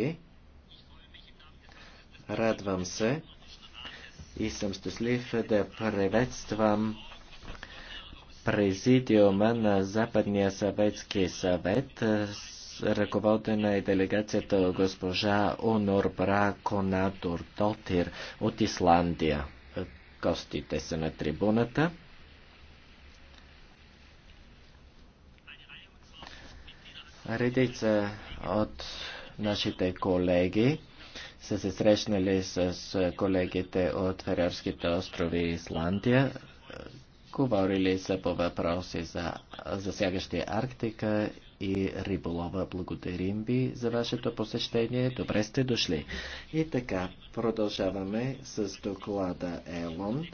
колеги! Радвам се и съм щастлив да приветствам президиума на Западния съветски съвет. Ръководена е делегацията госпожа Онор Бракона Дотир от Исландия. Костите са на трибуната. Редица от Нашите колеги са се срещнали с колегите от Ферерските острови и Исландия. Говорили са по въпроси за засягащи Арктика и риболова. Благодарим ви за вашето посещение. Добре сте дошли. И така, продължаваме с доклада Елон.